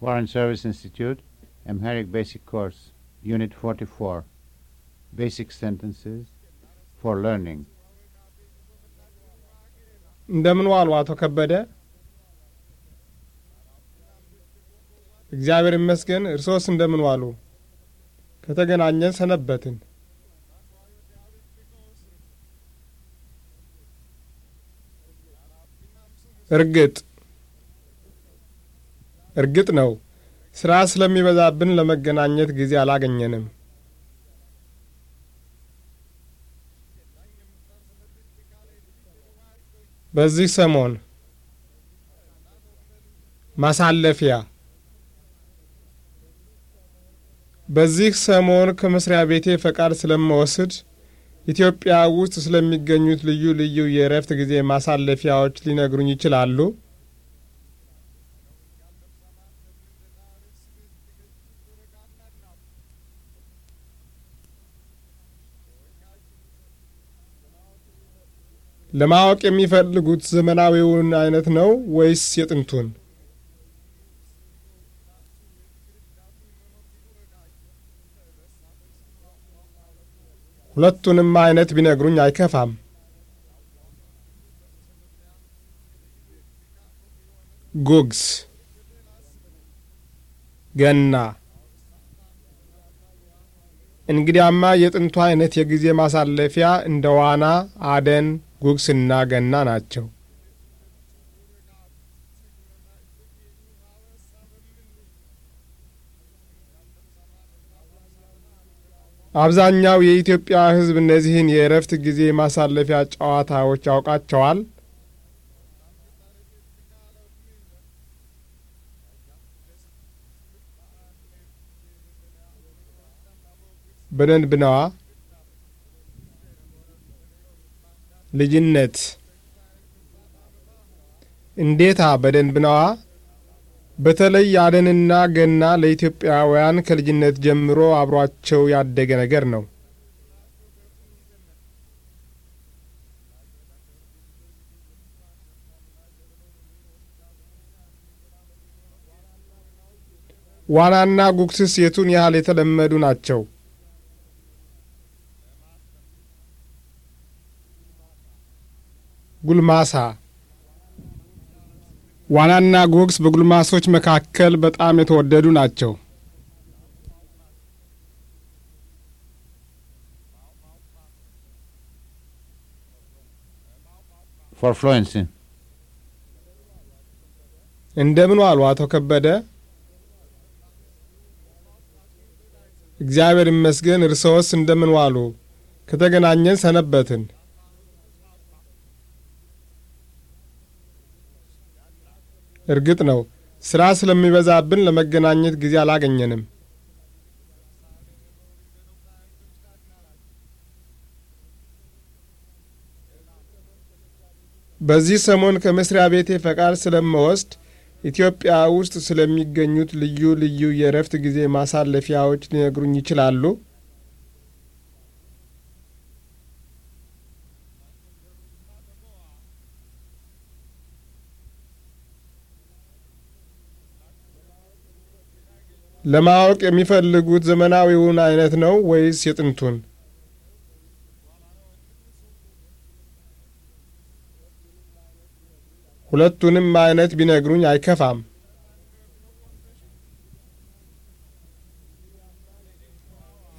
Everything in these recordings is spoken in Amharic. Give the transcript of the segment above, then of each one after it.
Foreign Service Institute, Amharic Basic Course, Unit 44, Basic Sentences for Learning. እንደምን ዋሉ አቶ ከበደ? እግዚአብሔር ይመስገን። እርሶስ እንደምን ዋሉ? ከተገናኘን ሰነበትን። እርግጥ እርግጥ ነው ሥራ ስለሚበዛብን ለመገናኘት ጊዜ አላገኘንም። በዚህ ሰሞን ማሳለፊያ በዚህ ሰሞን ከመስሪያ ቤቴ ፈቃድ ስለምወስድ ኢትዮጵያ ውስጥ ስለሚገኙት ልዩ ልዩ የእረፍት ጊዜ ማሳለፊያዎች ሊነግሩኝ ይችላሉ? ለማወቅ የሚፈልጉት ዘመናዊውን አይነት ነው ወይስ የጥንቱን? ሁለቱንም አይነት ቢነግሩኝ አይከፋም። ጉግስ፣ ገና። እንግዲያማ የጥንቱ አይነት የጊዜ ማሳለፊያ እንደ ዋና፣ አደን ጉግስና ገና ናቸው። አብዛኛው የኢትዮጵያ ሕዝብ እነዚህን የእረፍት ጊዜ ማሳለፊያ ጨዋታዎች ያውቃቸዋል። በደንብ ነዋ። ልጅነት እንዴታ! በደንብ ነዋ። በተለይ አደንና ገና ለኢትዮጵያውያን ከልጅነት ጀምሮ አብሯቸው ያደገ ነገር ነው። ዋናና ጉግስ የቱን ያህል የተለመዱ ናቸው? ጉልማሳ ዋናና ጎግስ በጉልማሶች መካከል በጣም የተወደዱ ናቸው። እንደምን ዋሉ አቶ ከበደ? እግዚአብሔር ይመስገን። እርስዎስ እንደምን ዋሉ? ከተገናኘን ሰነበትን። እርግጥ ነው ሥራ ስለሚበዛብን ለመገናኘት ጊዜ አላገኘንም። በዚህ ሰሞን ከመስሪያ ቤቴ ፈቃድ ስለምወስድ ኢትዮጵያ ውስጥ ስለሚገኙት ልዩ ልዩ የእረፍት ጊዜ ማሳለፊያዎች ሊነግሩኝ ይችላሉ? ለማወቅ የሚፈልጉት ዘመናዊውን አይነት ነው ወይስ የጥንቱን? ሁለቱንም አይነት ቢነግሩኝ አይከፋም።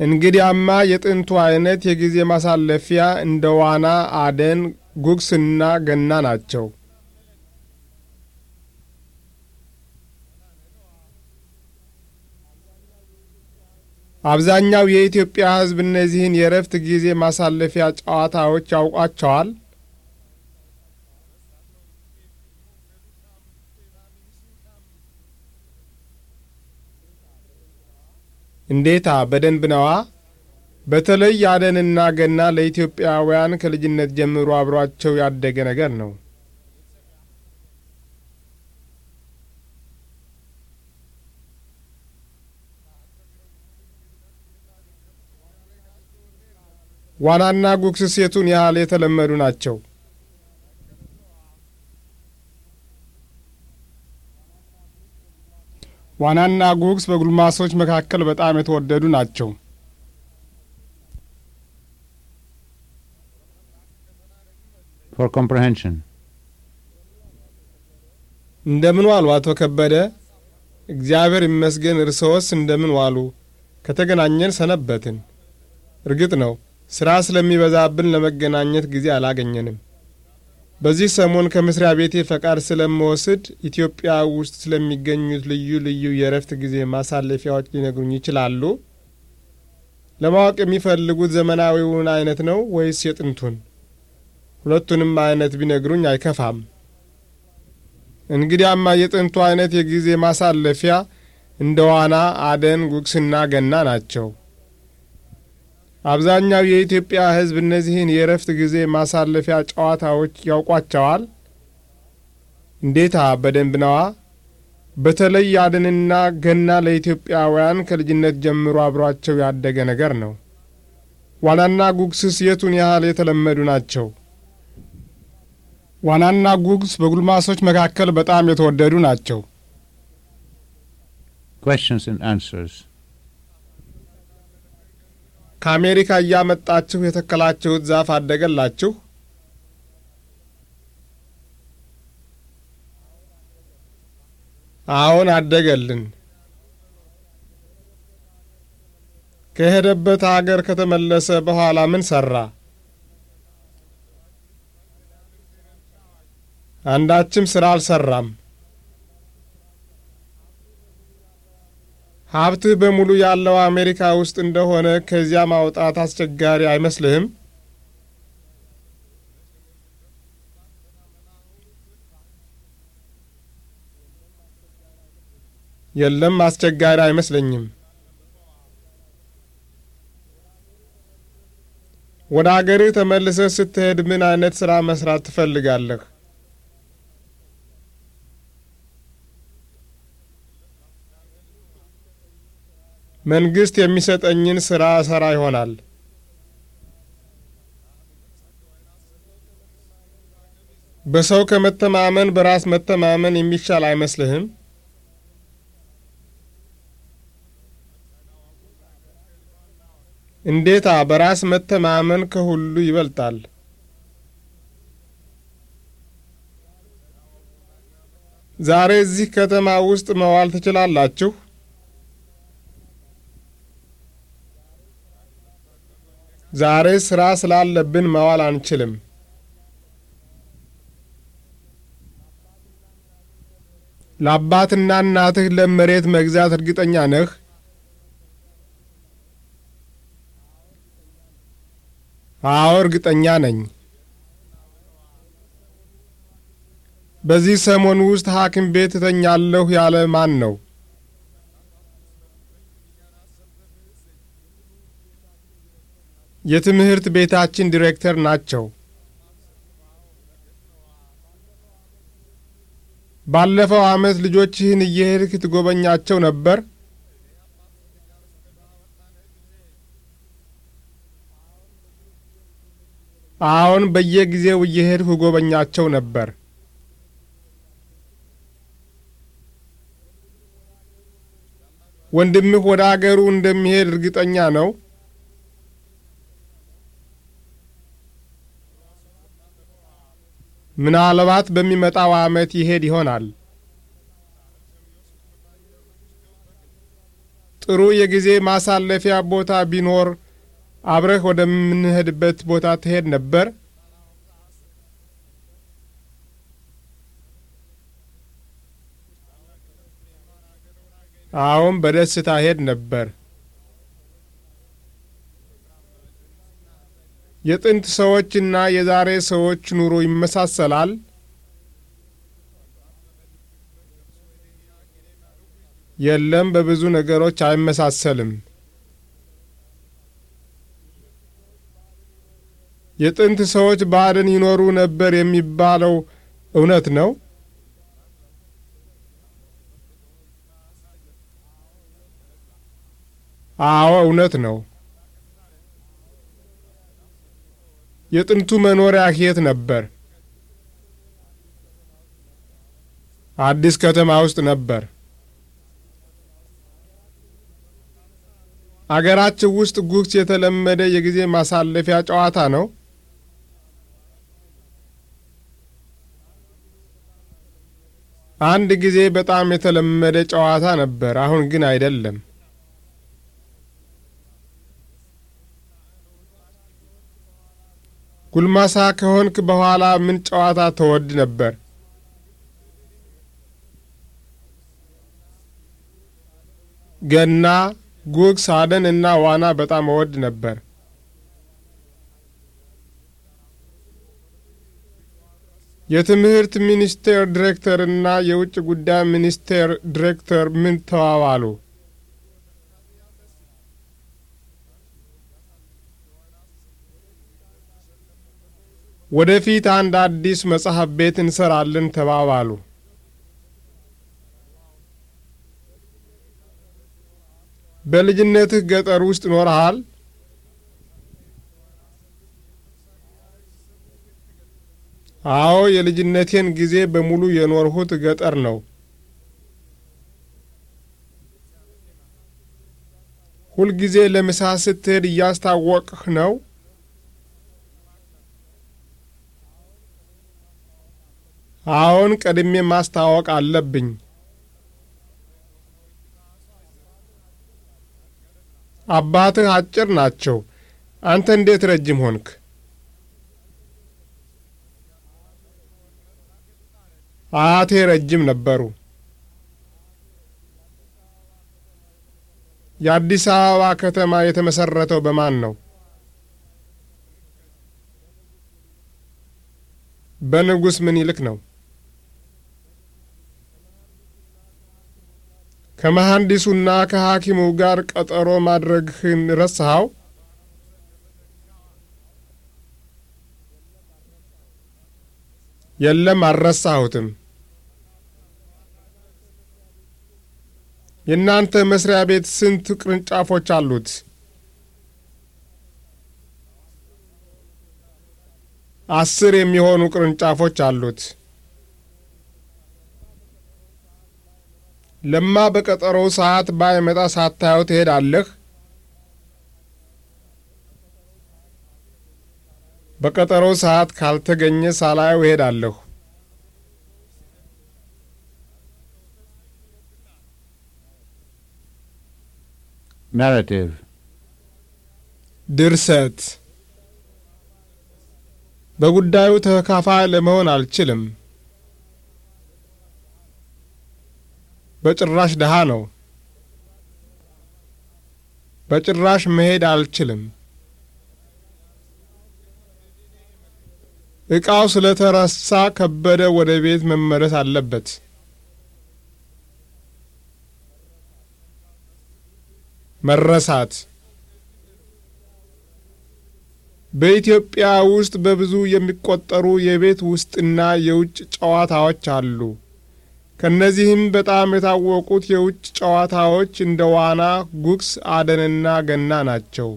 እንግዲያማ የጥንቱ አይነት የጊዜ ማሳለፊያ እንደ ዋና፣ አደን፣ ጉግስና ገና ናቸው። አብዛኛው የኢትዮጵያ ሕዝብ እነዚህን የእረፍት ጊዜ ማሳለፊያ ጨዋታዎች ያውቋቸዋል። እንዴታ! በደንብ ነዋ። በተለይ አደንና ገና ለኢትዮጵያውያን ከልጅነት ጀምሮ አብሯቸው ያደገ ነገር ነው። ዋናና ጉግስ የቱን ያህል የተለመዱ ናቸው? ዋናና ጉግስ በጉልማሶች መካከል በጣም የተወደዱ ናቸው። እንደምን ዋሉ አቶ ከበደ? እግዚአብሔር ይመስገን። እርስዎስ እንደምን ዋሉ? ከተገናኘን ሰነበትን። እርግጥ ነው ስራ ስለሚበዛብን ለመገናኘት ጊዜ አላገኘንም። በዚህ ሰሞን ከመስሪያ ቤቴ ፈቃድ ስለምወስድ ኢትዮጵያ ውስጥ ስለሚገኙት ልዩ ልዩ የእረፍት ጊዜ ማሳለፊያዎች ሊነግሩኝ ይችላሉ? ለማወቅ የሚፈልጉት ዘመናዊውን አይነት ነው ወይስ የጥንቱን? ሁለቱንም አይነት ቢነግሩኝ አይከፋም። እንግዲያማ የጥንቱ አይነት የጊዜ ማሳለፊያ እንደ ዋና፣ አደን፣ ጉግስና ገና ናቸው። አብዛኛው የኢትዮጵያ ሕዝብ እነዚህን የእረፍት ጊዜ ማሳለፊያ ጨዋታዎች ያውቋቸዋል? እንዴታ! በደንብ ነዋ። በተለይ አድንና ገና ለኢትዮጵያውያን ከልጅነት ጀምሮ አብሯቸው ያደገ ነገር ነው። ዋናና ጉግስስ የቱን ያህል የተለመዱ ናቸው? ዋናና ጉግስ በጉልማሶች መካከል በጣም የተወደዱ ናቸው። questions and answers ከአሜሪካ እያመጣችሁ የተከላችሁት ዛፍ አደገላችሁ? አሁን አደገልን። ከሄደበት አገር ከተመለሰ በኋላ ምን ሠራ? አንዳችም ሥራ አልሠራም። ሀብትህ በሙሉ ያለው አሜሪካ ውስጥ እንደሆነ ከዚያ ማውጣት አስቸጋሪ አይመስልህም? የለም፣ አስቸጋሪ አይመስለኝም። ወደ አገርህ ተመልሰህ ስትሄድ ምን አይነት ሥራ መስራት ትፈልጋለህ? መንግስት የሚሰጠኝን ሥራ እሠራ ይሆናል። በሰው ከመተማመን በራስ መተማመን የሚሻል አይመስልህም? እንዴታ! በራስ መተማመን ከሁሉ ይበልጣል። ዛሬ እዚህ ከተማ ውስጥ መዋል ትችላላችሁ? ዛሬ ስራ ስላለብን መዋል አንችልም። ለአባትና እናትህ ለመሬት መግዛት እርግጠኛ ነህ? አዎ፣ እርግጠኛ ነኝ። በዚህ ሰሞን ውስጥ ሐኪም ቤት እተኛለሁ ያለ ማን ነው? የትምህርት ቤታችን ዲሬክተር ናቸው። ባለፈው ዓመት ልጆችህን እየሄድክ ትጎበኛቸው ነበር? አሁን በየጊዜው እየሄድሁ ጎበኛቸው ነበር። ወንድምህ ወደ አገሩ እንደሚሄድ እርግጠኛ ነው? ምናልባት በሚመጣው ዓመት ይሄድ ይሆናል። ጥሩ የጊዜ ማሳለፊያ ቦታ ቢኖር አብረህ ወደምንሄድበት ቦታ ትሄድ ነበር? አዎን፣ በደስታ ሄድ ነበር። የጥንት ሰዎችና የዛሬ ሰዎች ኑሮ ይመሳሰላል? የለም፣ በብዙ ነገሮች አይመሳሰልም። የጥንት ሰዎች ባህልን ይኖሩ ነበር የሚባለው እውነት ነው? አዎ፣ እውነት ነው። የጥንቱ መኖሪያ የት ነበር? አዲስ ከተማ ውስጥ ነበር። አገራችን ውስጥ ጉግስ የተለመደ የጊዜ ማሳለፊያ ጨዋታ ነው። አንድ ጊዜ በጣም የተለመደ ጨዋታ ነበር፣ አሁን ግን አይደለም። ጉልማሳ ከሆንክ በኋላ ምን ጨዋታ ተወድ ነበር? ገና፣ ጉግ፣ ሳደን እና ዋና በጣም እወድ ነበር። የትምህርት ሚኒስቴር ዲሬክተር እና የውጭ ጉዳይ ሚኒስቴር ዲሬክተር ምን ተዋባሉ? ወደፊት አንድ አዲስ መጽሐፍ ቤት እንሰራለን ተባባሉ። በልጅነትህ ገጠር ውስጥ ኖርሃል? አዎ፣ የልጅነቴን ጊዜ በሙሉ የኖርሁት ገጠር ነው። ሁልጊዜ ለምሳ ስትሄድ እያስታወቅህ ነው? አሁን ቀድሜ ማስታወቅ አለብኝ። አባትህ አጭር ናቸው። አንተ እንዴት ረጅም ሆንክ? አያቴ ረጅም ነበሩ። የአዲስ አበባ ከተማ የተመሰረተው በማን ነው? በንጉሥ ምኒልክ ነው። ከመሐንዲሱና ከሐኪሙ ጋር ቀጠሮ ማድረግህን ረሳኸው? የለም፣ አልረሳሁትም። የእናንተ መስሪያ ቤት ስንት ቅርንጫፎች አሉት? አስር የሚሆኑ ቅርንጫፎች አሉት። ለማ በቀጠሮው ሰዓት ባይመጣ ሳታየው ትሄዳለህ? በቀጠሮው ሰዓት ካልተገኘ ሳላየው እሄዳለሁ። ናራቲቭ ድርሰት። በጉዳዩ ተካፋይ ለመሆን አልችልም። በጭራሽ ደሃ ነው። በጭራሽ መሄድ አልችልም። ዕቃው ስለተረሳ ከበደ ወደ ቤት መመለስ አለበት። መረሳት በኢትዮጵያ ውስጥ በብዙ የሚቆጠሩ የቤት ውስጥና የውጭ ጨዋታዎች አሉ። ከእነዚህም በጣም የታወቁት የውጭ ጨዋታዎች እንደ ዋና፣ ጉግስ፣ አደንና ገና ናቸው።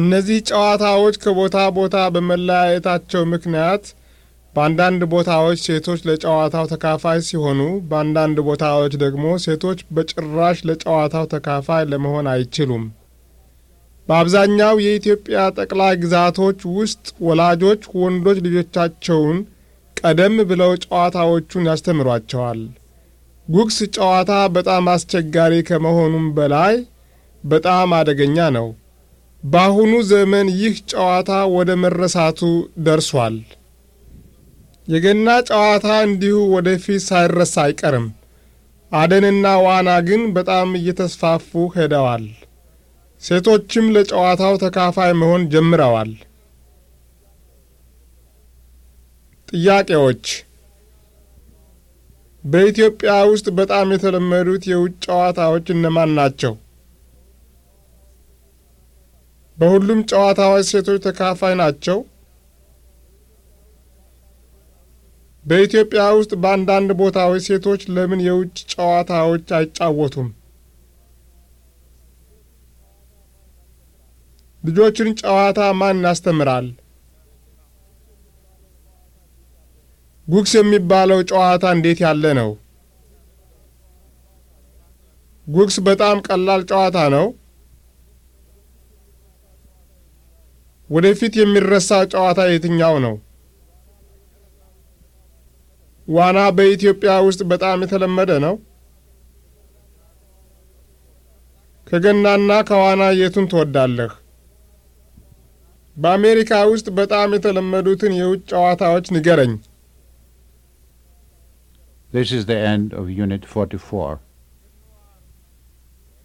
እነዚህ ጨዋታዎች ከቦታ ቦታ በመለያየታቸው ምክንያት በአንዳንድ ቦታዎች ሴቶች ለጨዋታው ተካፋይ ሲሆኑ፣ በአንዳንድ ቦታዎች ደግሞ ሴቶች በጭራሽ ለጨዋታው ተካፋይ ለመሆን አይችሉም። በአብዛኛው የኢትዮጵያ ጠቅላይ ግዛቶች ውስጥ ወላጆች ወንዶች ልጆቻቸውን ቀደም ብለው ጨዋታዎቹን ያስተምሯቸዋል። ጉግስ ጨዋታ በጣም አስቸጋሪ ከመሆኑም በላይ በጣም አደገኛ ነው። በአሁኑ ዘመን ይህ ጨዋታ ወደ መረሳቱ ደርሷል። የገና ጨዋታ እንዲሁ ወደፊት ሳይረሳ አይቀርም። አደንና ዋና ግን በጣም እየተስፋፉ ሄደዋል። ሴቶችም ለጨዋታው ተካፋይ መሆን ጀምረዋል። ጥያቄዎች በኢትዮጵያ ውስጥ በጣም የተለመዱት የውጭ ጨዋታዎች እነማን ናቸው? በሁሉም ጨዋታዎች ሴቶች ተካፋይ ናቸው? በኢትዮጵያ ውስጥ በአንዳንድ ቦታዎች ሴቶች ለምን የውጭ ጨዋታዎች አይጫወቱም? ልጆችን ጨዋታ ማን ያስተምራል? ጉግስ የሚባለው ጨዋታ እንዴት ያለ ነው? ጉግስ በጣም ቀላል ጨዋታ ነው። ወደፊት የሚረሳ ጨዋታ የትኛው ነው? ዋና በኢትዮጵያ ውስጥ በጣም የተለመደ ነው። ከገናና ከዋና የቱን ትወዳለህ? በአሜሪካ ውስጥ በጣም የተለመዱትን የውጭ ጨዋታዎች ንገረኝ። This is the end of Unit 44.